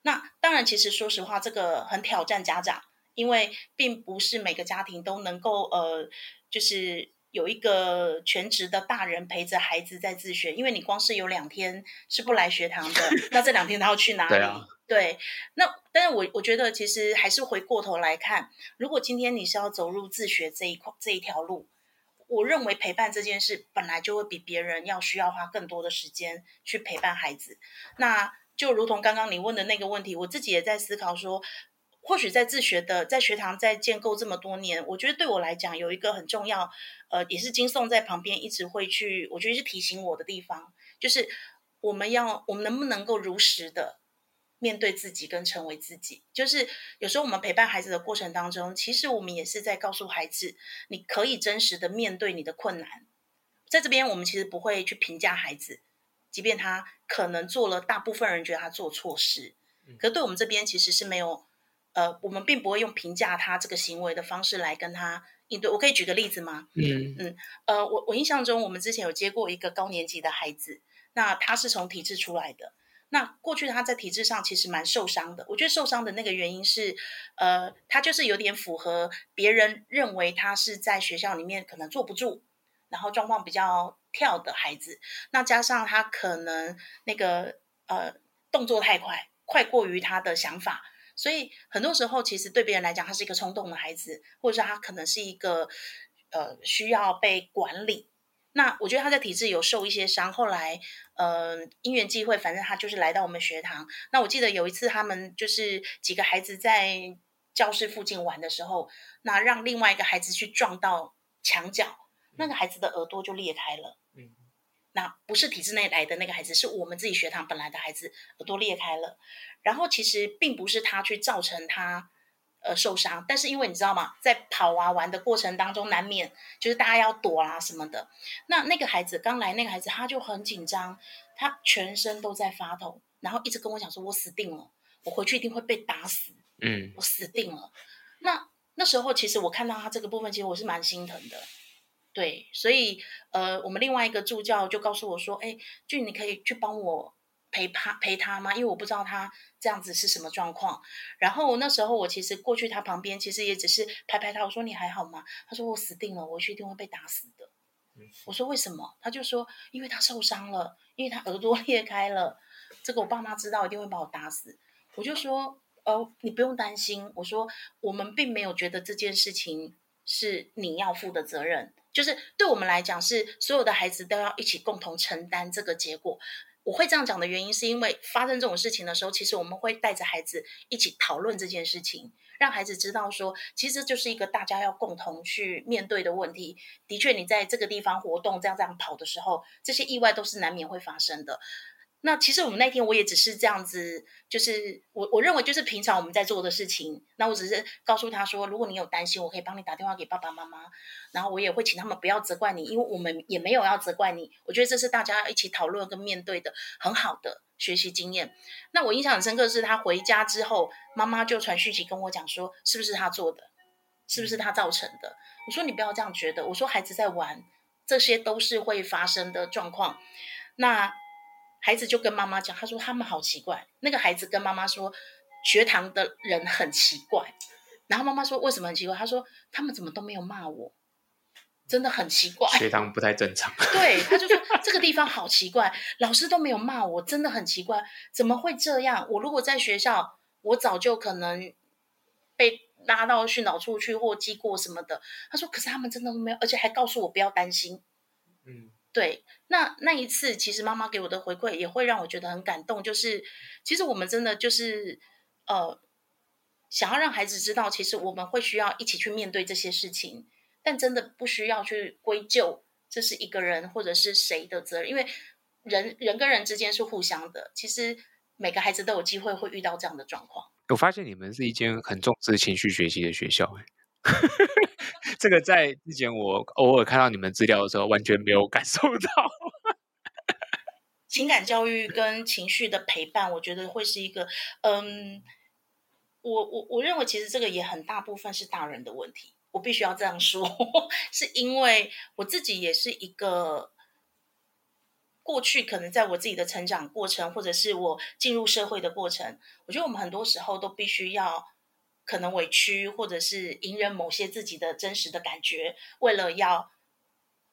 那當然，其實說實話，這個很挑戰家長，因為並不是每個家庭都能夠，呃，就是。有一個全職的大人陪着孩子在自學，因為你光是有兩天是不來學堂的， *laughs* 那這兩天他要去哪裡？對啊，對，那但是我我覺得其實還是回過頭來看，如果今天你是要走入自學這一塊這一條路，我認為陪伴這件事本來就會比別人要需要花更多的時間去陪伴孩子。那就如同剛剛你問的那個問題，我自己也在思考說。或許在自學的，在學堂在建構這麼多年，我覺得對我來講有一個很重要，呃，也是菁頌在旁邊一直會去，我覺得是提醒我的地方，就是我們要我們能不能夠如實的面對自己跟成為自己。就是有時候我們陪伴孩子的過程當中，其實我們也是在告訴孩子，你可以真實的面對你的困難。在這邊我們其實不會去評價孩子，即便他可能做了大部分人覺得他做錯事，可是對我們這邊其實是沒有。呃，我們並不會用評價他這個行為的方式來跟他應對。我可以舉個例子嗎？嗯，mm-hmm. 嗯，呃，我我印象中，我們之前有接過一個高年級的孩子，那他是從體制出來的，那過去他在體制上其實蠻受傷的。我覺得受傷的那個原因是，呃，他就是有點符合別人認為他是在學校裡面可能坐不住，然後狀況比較跳的孩子。那加上他可能那個呃動作太快，快過於他的想法。所以很多時候，其實對別人來講，他是一個衝動的孩子，或者說他可能是一個呃需要被管理。那我覺得他在體制有受一些傷。後來，嗯、呃，因緣際會，反正他就是來到我們學堂。那我記得有一次，他們就是幾個孩子在教室附近玩的時候，那讓另外一個孩子去撞到牆角，那個孩子的耳朵就裂開了。那不是體制內來的那個孩子，是我們自己學堂本來的孩子，耳朵裂開了。然後其實並不是他去造成他，呃受傷，但是因為你知道嗎，在跑啊玩的過程當中，難免就是大家要躲啊什麼的。那那個孩子剛來，那個孩子他就很緊張，他全身都在發抖，然後一直跟我講說：“我死定了，我回去一定會被打死，嗯，我死定了。那”那那時候其實我看到他這個部分，其實我是蠻心疼的。對，所以，呃，我們另外一個助教就告訴我說：“哎，俊，你可以去幫我陪他陪他嗎？因為我不知道他這樣子是什麼狀況。”然後那時候我其實過去他旁邊，其實也只是拍拍他，我說：“你還好嗎？”他說：“我死定了，我去一定會被打死的。”我說：“為什麼？”他就說：“因為他受傷了，因為他耳朵裂開了，這個我爸媽知道，一定會把我打死。”我就說：“呃，你不用擔心，我說我們並沒有覺得這件事情是你要負的責任。”就是對我們來講，是所有的孩子都要一起共同承擔這個結果。我會這樣講的原因，是因為發生這種事情的時候，其實我們會帶着孩子一起討論這件事情，讓孩子知道說，其實就是一個大家要共同去面對的問題。的確，你在這個地方活動這樣這樣跑的時候，這些意外都是難免會發生的。那其實我們那天我也只是這樣子，就是我我認為就是平常我們在做的事情。那我只是告訴他說，如果你有擔心，我可以幫你打電話給爸爸媽媽。然後我也會請他們不要責怪你，因為我們也沒有要責怪你。我覺得這是大家一起討論跟面對的很好的學習經驗。那我印象很深刻是，他回家之後，媽媽就傳訊息跟我講說，是不是他做的，是不是他造成的？我說你不要這樣覺得，我說孩子在玩，這些都是會發生的狀況。那。孩子就跟媽媽講，他說他們好奇怪。那個孩子跟媽媽說，學堂的人很奇怪。然後媽媽說為什麼很奇怪？他說他們怎麼都沒有罵我，真的很奇怪。學堂不太正常。對，他就說 *laughs* 這個地方好奇怪，老師都沒有罵我，真的很奇怪，怎麼會這樣？我如果在學校，我早就可能被拉到訓導處去或記過什麼的。他說可是他們真的都沒有，而且還告訴我不要擔心。嗯。對，那那一次，其實媽媽給我的回饋也會讓我覺得很感動。就是，其實我們真的就是，呃，想要讓孩子知道，其實我們會需要一起去面對這些事情，但真的不需要去歸咎這是一個人或者是誰的責任，因為人人跟人之間是互相的。其實每個孩子都有機會會遇到這樣的狀況。我發現你們是一間很重視情緒學習的學校欸。 *laughs* 這個在之前我偶爾看到你們資料的時候，完全沒有感受到 *laughs* 。情感教育跟情緒的陪伴，我覺得會是一個，嗯，我我我認為其實這個也很大部分是大人的問題。我必須要這樣說，是因為我自己也是一個過去可能在我自己的成長過程，或者是我進入社會的過程，我覺得我們很多時候都必須要。可能委屈，或者是隱忍某些自己的真實的感覺，為了要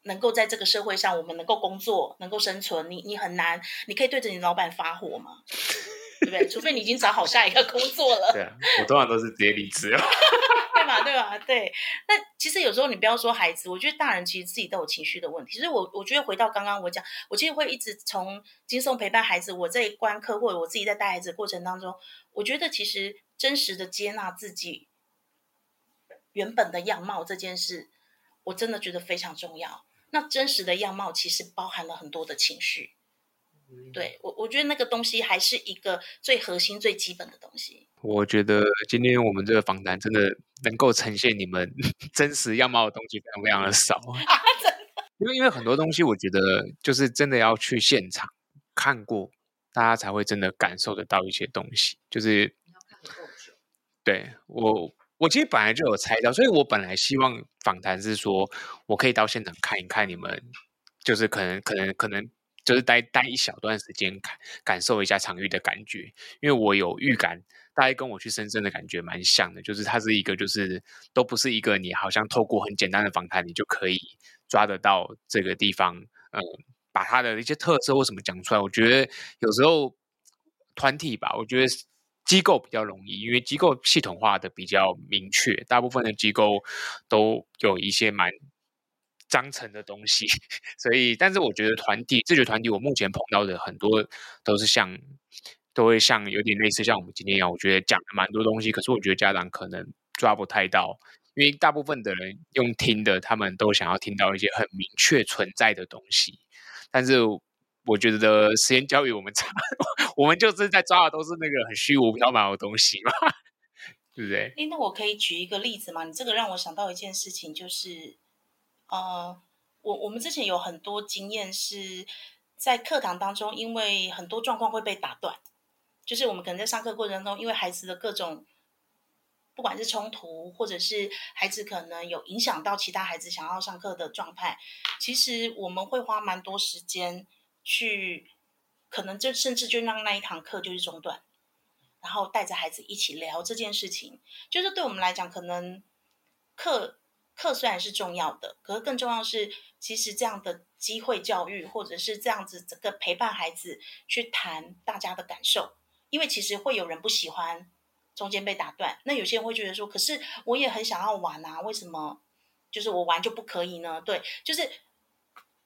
能夠在這個社會上，我們能夠工作，能夠生存，你你很難，你可以對着你老板發火嗎？ *laughs* 對不對？除非你已經找好下一個工作了。 *laughs* 對啊，我通常都是直接離職， *laughs* *laughs* 對吧？對吧？對。那其實有時候你不要說孩子，我覺得大人其實自己都有情緒的問題。其實我我覺得回到剛剛我講，我其實會一直從接送陪伴孩子我在一觀課，或者我自己在帶孩子的過程當中，我覺得其實。真實的接納自己原本的樣貌這件事，我真的覺得非常重要。那真實的樣貌其實包含了很多的情緒，嗯、對我，我覺得那個東西還是一個最核心、最基本的東西。我覺得今天我們這個訪談真的能夠呈現你們真實樣貌的東西非常非常的少， *laughs* 啊、真的？因為因為很多東西我覺得就是真的要去現場看過，大家才會真的感受得到一些東西，就是。對我，我其實本來就有猜到，所以我本來希望訪談是說，我可以到現場看一看你們，就是可能可能可能就是待待一小段時間，感感受一下場域的感覺，因為我有預感，大概跟我去深圳的感覺蠻像的，就是它是一個，就是都不是一個你好像透過很簡單的訪談，你就可以抓得到這個地方，嗯，把它的一些特色或什麼講出來。我覺得有時候團體吧，我覺得。機構比較容易，因為機構系統化的比較明確，大部分的機構都有一些蠻章程的東西，所以，但是我覺得團體、自學團體，我目前碰到的很多都是像，都會像有點類似像我們今天一樣，我覺得講了蠻多東西，可是我覺得家長可能抓不太到，因為大部分的人用聽的，他們都想要聽到一些很明確存在的東西，但是。我覺得實驗教育我們差，我們就是在抓的都是那個很虛無縹緲的東西嘛，對不對？哎，那我可以舉一個例子嘛。你這個讓我想到一件事情，就是呃，我我們之前有很多經驗是在課堂當中，因為很多狀況會被打斷，就是我們可能在上課過程中，因為孩子的各種不管是衝突，或者是孩子可能有影響到其他孩子想要上課的狀態，其實我們會花蠻多時間。去，可能就甚至就讓那一堂課就是中斷，然後帶着孩子一起聊這件事情。就是對我們來講，可能課課雖然是重要的，可是更重要是，其實這樣的機會教育，或者是這樣子整個陪伴孩子去談大家的感受，因為其實會有人不喜歡中間被打斷。那有些人會覺得說，可是我也很想要玩啊，為什麼就是我玩就不可以呢？對，就是。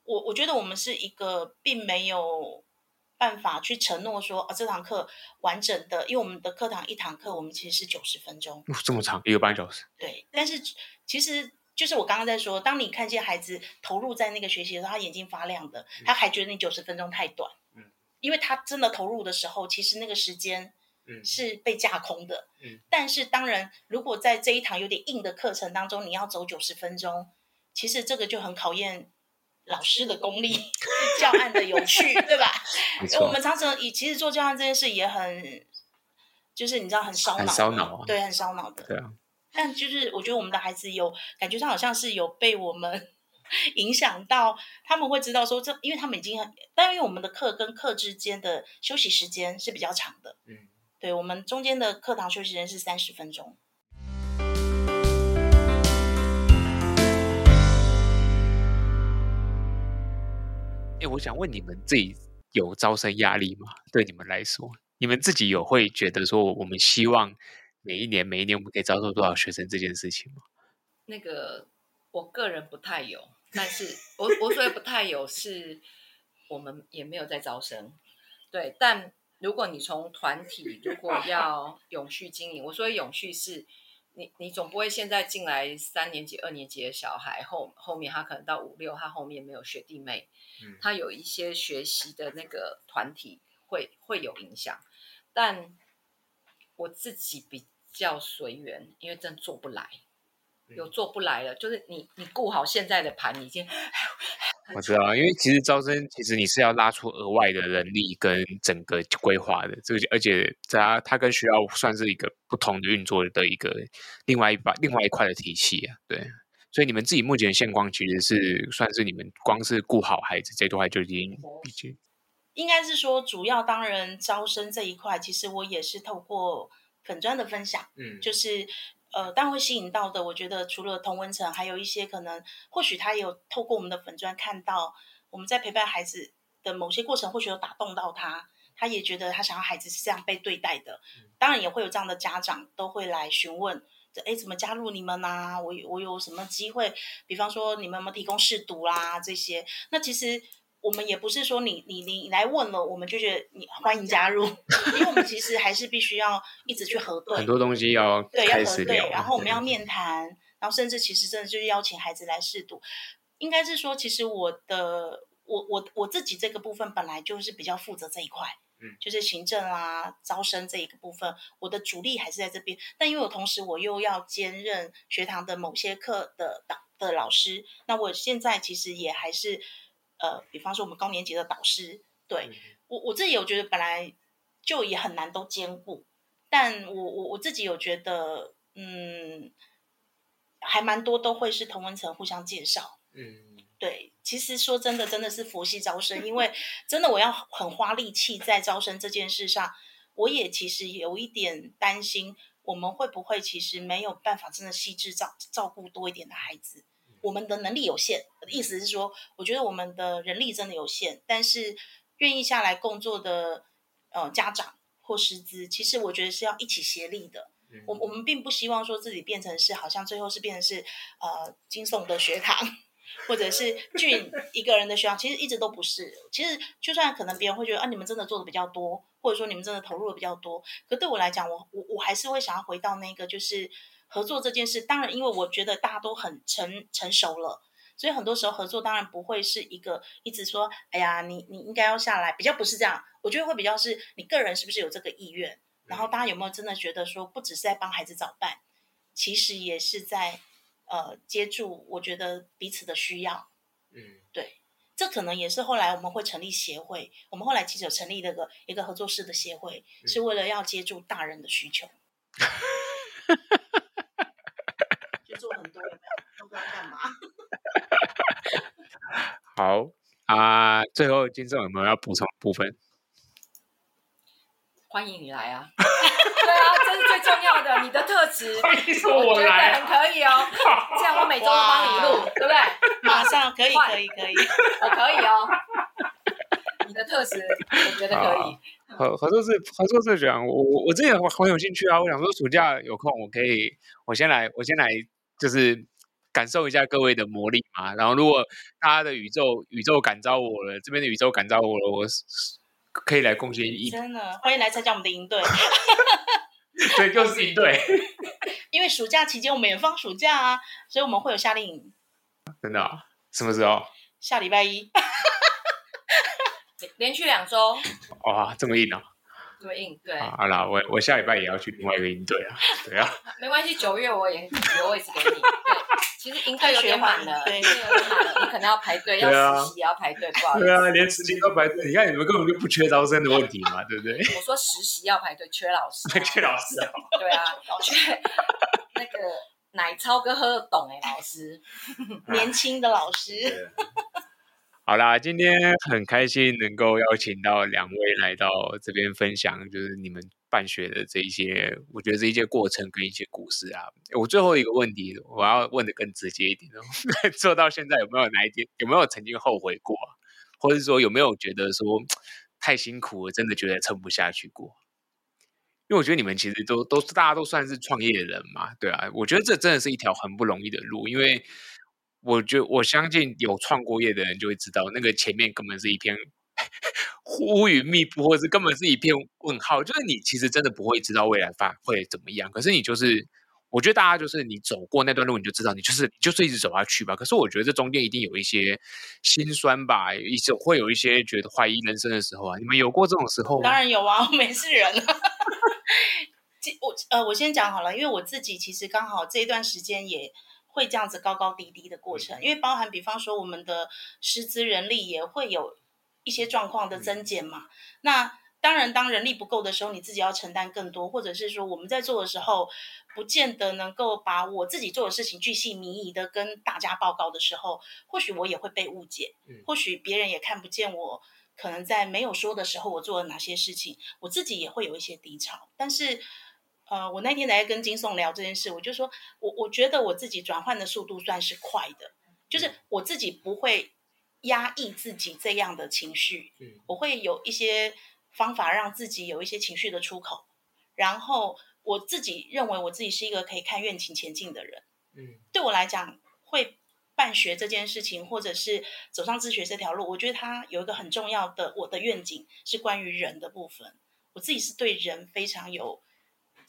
我我覺得我們是一個並沒有辦法去承諾說啊，這堂課完整的，因為我們的課堂一堂課我們其實是九十分鐘。哦，這麼長，一個半小時。對，但是其實就是我剛剛在說，當你看見孩子投入在那個學習的時候，他眼睛發亮的，他還覺得那九十分鐘太短，嗯，因為他真的投入的時候，其實那個時間嗯是被架空的嗯，嗯，但是當然，如果在這一堂有點硬的課程當中，你要走九十分鐘，其實這個就很考驗。老師的功力，教案的有趣， *laughs* 對吧？我們常常以其實做教案這件事也很，就是你知道很燒腦，燒腦、哦、對，很燒腦的。對啊，但就是我覺得我們的孩子有感覺上好像是有被我們影響到，他們會知道說這，因為他們已經很，但因為我們的課跟課之間的休息時間是比較長的，嗯，對，我們中間的課堂休息時間是三十分鐘。誒，我想問你們自己有招生壓力嗎？對你們來說，你們自己有會覺得說我們希望每一年每一年我們可以招收多少學生這件事情嗎？那個我個人不太有，但是我我說的不太有是， *laughs* 我們也沒有在招生。對，但如果你從團體如果要永續經營，我說永續是。你你總不會現在進來三年級、二年級的小孩後後面他可能到五六，他後面沒有學弟妹，他有一些學習的那個團體會會有影響，但我自己比較隨緣，因為真做不來，有做不來了，就是你你顧好現在的盤，你已經哎喲哎喲。我知道，因為其實招生其實你是要拉出額外的人力跟整個規劃的，這個而且他他跟學校算是一個不同的運作的一個另外一把另外一塊的體系啊。對，所以你們自己目前的現況其實是、嗯、算是你們光是顧好孩子這段話就已經比較，應該是說主要當然招生這一塊，其實我也是透過粉專的分享，嗯，就是。呃，但會吸引到的，我覺得除了同溫層，還有一些可能，或許他也有透過我們的粉專看到，我們在陪伴孩子的某些過程，或許有打動到他，他也覺得他想要孩子是這樣被對待的。當然也會有這樣的家長都會來詢問，這誒怎麼加入你們啊？我我有什麼機會？比方說你們有沒有提供試讀啦、啊、這些？那其實。我們也不是說你你你來問了，我們就覺得你歡迎加入，因為我們其實還是必須要一直去核對很多東西，要開始對，要核對，然後我們要面談，然後甚至其實真的就是邀請孩子來試讀，應該是說其實我的我我我自己這個部分本來就是比較負責這一塊，嗯，就是行政啊、招生這一個部分，我的主力還是在這邊，但因為我同時我又要兼任學堂的某些課的導的老師，那我現在其實也還是。呃，比方說我們高年級的導師，對，對，對，我我自己有覺得本來就也很難都兼顧，但我我我自己有覺得，嗯，還蠻多都會是同溫層互相介紹，嗯，對，其實說真的，真的是佛系招生， *laughs* 因為真的我要很花力氣在招生這件事上，我也其實有一點擔心，我們會不會其實沒有辦法真的細緻照照顧多一點的孩子。我們的能力有限，意思是說，我覺得我們的人力真的有限。但是，願意下來工作的，呃，家長或師資，其實我覺得是要一起協力的。我我們並不希望說自己變成是好像最後是變成是呃菁頌的學堂，或者是 Jean 一個人的學校，其實一直都不是。其實就算可能別人會覺得啊，你們真的做的比較多，或者說你們真的投入的比較多，可對我來講，我我我還是會想要回到那個就是。合作這件事，當然，因為我覺得大家都很成成熟了，所以很多時候合作當然不會是一個一直說，哎呀，你你應該要下來，比較不是這樣。我覺得會比較是你個人是不是有這個意願，然後大家有沒有真的覺得說，不只是在幫孩子找伴，其實也是在呃接住我覺得彼此的需要。嗯，對，這可能也是後來我們會成立協會，我們後來其實有成立了一個一個禾作式的協會，是為了要接住大人的需求。嗯 *laughs* 很多都在幹嘛。 *laughs* 好啊，最後菁頌有沒有要補充部分？歡迎你來啊！ *laughs* *laughs* 對啊，這是最重要的，你的特質，啊，我來，很可以哦，喔。 *laughs* 這樣我每周幫你錄，對不對？馬上可以， *laughs* 可以，可以，可以， *laughs* 我可以哦，喔。 *laughs* 你的特質，我覺得可以。禾作式、禾作式學堂，我我我自己很很有興趣啊。我想說，暑假有空，我可以，我先來，我先來。就是感受一下各位的魔力嘛，然後如果大家的宇宙宇宙感召我了，這邊的宇宙感召我了，我可以來貢獻一。真的，歡迎來參加我們的營隊， *laughs* 對，就是營隊，因為暑假期間我們也放暑假啊，所以我們會有夏令營，真的啊？什麼時候？下禮拜一 *laughs* 連，連續兩週，哇，這麼硬啊！對，對？好啦，我我下禮拜也要去另外一個營隊啊，對啊。啊沒關係，九月我也 *laughs* 月我也留位置給你。對，其實營隊有點滿了，對了你可能要排隊。啊，要實習也要排隊，不好意思。對啊，連實習都排隊，你看你們根本就不缺招生的問題嘛，對不對？我說實習要排隊，缺老師。啊， *laughs* 缺，老師啊啊、缺老師。對啊，老缺那個奶超哥喝得懂哎、欸，老師， *laughs* 年輕的老師。好啦，今天很開心能夠邀請到兩位來到這邊分享，就是你們辦學的這一些，我覺得這一些過程跟一些故事啊。我最後一個問題，我要問得更直接一點 *laughs* 做到現在有沒有哪一天，有沒有曾經後悔過，或者說有沒有覺得說太辛苦了，真的覺得撐不下去過？因為我覺得你們其實都都大家都算是創業人嘛，對啊，我覺得這真的是一條很不容易的路，因為。我就我相信有創過業的人就會知道，那個前面根本是一片烏雲密布，或者是根本是一片問號。就是你其實真的不會知道未來會怎麼樣。可是你就是，我覺得大家就是你走過那段路，你就知道，你就是你就是一直走下去吧。可是我覺得這中間一定有一些心酸吧，一種會有一些覺得懷疑人生的時候啊。你們有過這種時候嗎？當然有啊，我沒事人啊。了 *laughs* *laughs* 我呃，我先講好了，因為我自己其實剛好這一段時間也。會這樣子高高低低的過程，嗯、因為包含，比方說我們的師資人力也會有一些狀況的增減嘛。嗯、那當然，當人力不夠的時候，你自己要承擔更多，或者是說我們在做的時候，不見得能夠把我自己做的事情巨細靡遺的跟大家報告的時候，或許我也會被誤解、嗯，或許別人也看不見我可能在沒有說的時候我做了哪些事情，我自己也會有一些低潮，但是。呃，我那天來跟菁頌聊這件事，我就說，我我覺得我自己轉換的速度算是快的、嗯，就是我自己不會壓抑自己這樣的情緒、嗯，我會有一些方法讓自己有一些情緒的出口，然後我自己認為我自己是一個可以看願景前進的人，嗯，對我來講，會辦學這件事情，或者是走上自學這條路，我覺得它有一個很重要的我的願景是關於人的部分，我自己是對人非常有。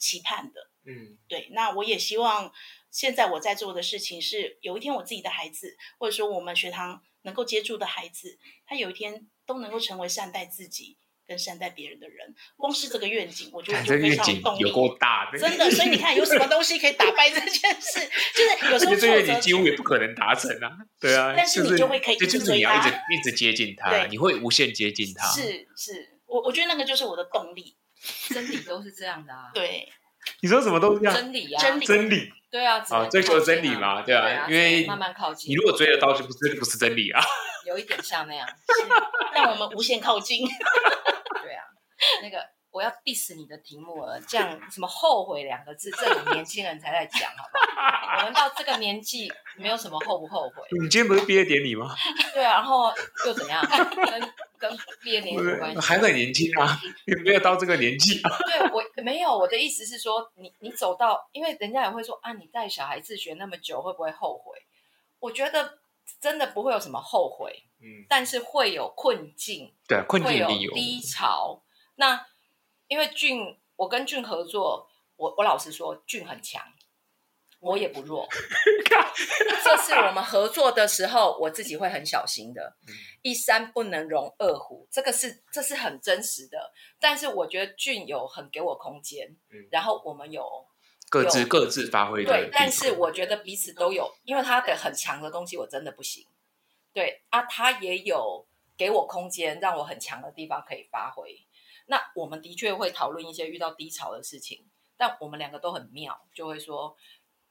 期盼的，嗯，對。那我也希望，現在我在做的事情是，有一天我自己的孩子，或者說我們學堂能夠接住的孩子，他有一天都能夠成為善待自己跟善待別人的人。光是這個願景，我覺得就非常，這願景有夠大的。真的。所以你看，有什麼東西可以打敗這件事？ *laughs* 就是有時候這個願景幾乎也不可能達成啊，對啊。就是、但是你就會可以就是你要一直一直接近他，對，你會無限接近他。是是，我我覺得那個就是我的動力。 *laughs* 真理都是這樣的啊，對。你說什麼都是這樣，真理啊，真理。真理對啊，啊，啊，追求真理嘛，對啊，對啊對啊對，因為慢慢靠近。你如果追得到，就不是就不是真理啊，有一點像那樣，讓 *laughs* 我們無限靠近。 *laughs* *laughs* 對啊，那個。我要 diss 你的題目了，這樣什麼後悔兩個字， *laughs* 這種年輕人才在講，好不好？ *laughs* 我們到這個年紀，沒有什麼後不後悔。你今天不是畢業典禮嗎？ *laughs* 對，然後又怎樣？跟跟畢業典禮有關係？還很年輕啊， *laughs* 也沒有到這個年紀啊。 *laughs* 對，我沒有。我的意思是說，你你走到，因為人家也會說啊，你帶小孩子學那麼久，會不會後悔？我覺得真的不會有什麼後悔。嗯，但是會有困境，對，困境會有低潮。那因為 Jean，我跟 Jean 合作，我我老實說，Jean 很強，我也不弱。 *laughs* 這是我們合作的時候，我自己會很小心的。嗯、一山不能容二虎，這個是這是很真實的。但是我覺得 Jean 有很給我空間，嗯、然後我們有各自各自發揮。對，但是我覺得彼此都有，因為他的很強的東西我真的不行。對啊，他也有給我空間，讓我很強的地方可以發揮。那我們的確會討論一些遇到低潮的事情，但我們兩個都很妙，就會說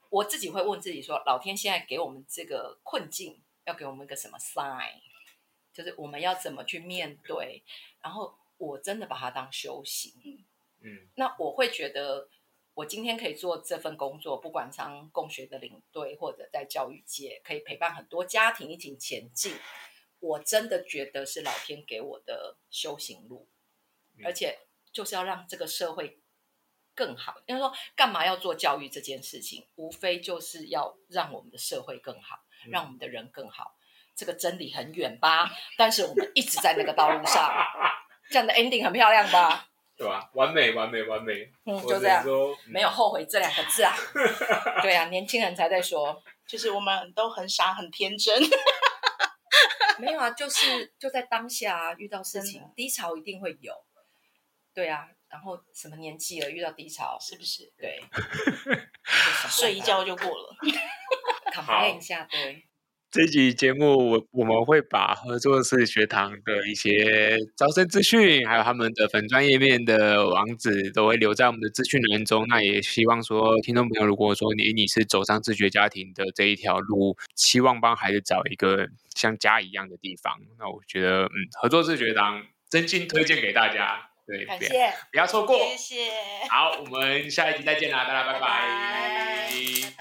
我自己會問自己說：老天現在給我們這個困境，要給我們一個什麼 sign？就是我們要怎麼去面對？然後我真的把它當修行。嗯，那我會覺得我今天可以做這份工作，不管上共學的領隊，或者在教育界，可以陪伴很多家庭一起前進，我真的覺得是老天給我的修行路。而且就是要讓這個社會更好。因為說幹嘛要做教育這件事情，無非就是要讓我們的社會更好，讓我們的人更好。這個真理很遠吧，但是我們一直在那個道路上。 *laughs* 這樣的 ending 很漂亮吧？對吧？完美，完美，完美。嗯，就這樣，嗯，沒有後悔這兩個字啊。 *laughs* 對啊，年輕人才在說，就是我們都很傻，很天真。 *laughs* 沒有啊，就是就在當下啊，遇到事情，低潮一定會有。對啊，然後什麼年紀了遇到低潮是不是？對， *laughs* 對，睡一覺就過了考驗 *laughs* *laughs* 一下對。這一集節目我我們會把禾作式學堂的一些招生資訊，還有他們的粉專頁面的網址都會留在我們的資訊欄中。那也希望說聽眾朋友，如果說你你是走上自學家庭的這一條路，希望幫孩子找一個像家一樣的地方，那我覺得嗯，禾作式學堂真心推薦給大家。對，感謝。不，不要錯過。謝謝。好，我們下一集再見啦，大家拜拜。拜拜。拜拜。